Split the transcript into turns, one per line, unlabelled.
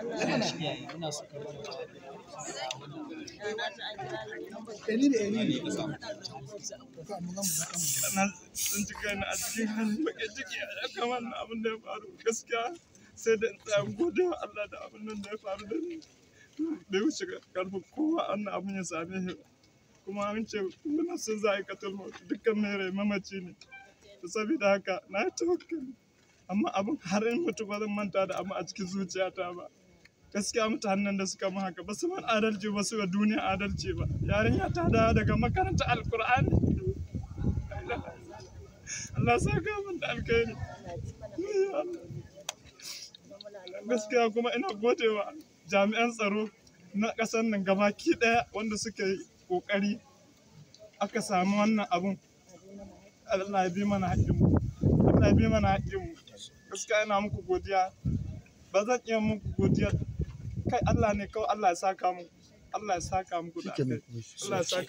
Ɗari a cikin hannun ciki a
abin da ya faru gaskiya sai da in gode wa Allah da abin nan da ya faru da ni. Bai wuce kowa annan abin ya same shi kuma an ce kullum sun za a yi katil dukkan mai rai mamaci ne. Saboda haka na yi tawakkali. amma abin har in mutu ba zan manta da abin a cikin zuciyata ba gaskiya mutanen da suka mu haka ba su man adalci ba su ga duniya adalci ba yarinya ta da daga makaranta alkur'ani Allah sa ka mun da alkhairi gaskiya kuma ina godewa jami'an tsaro na ƙasar nan gabaki ɗaya wanda suka yi ƙoƙari aka samu wannan abun Allah ya bi mana haƙƙinmu Allah ya bi mana haƙƙinmu gaskiya ina muku godiya ba zan iya muku godiya kai Allah ne kawai Allah ya saka mu Allah ya saka mu da
Allah
ya saka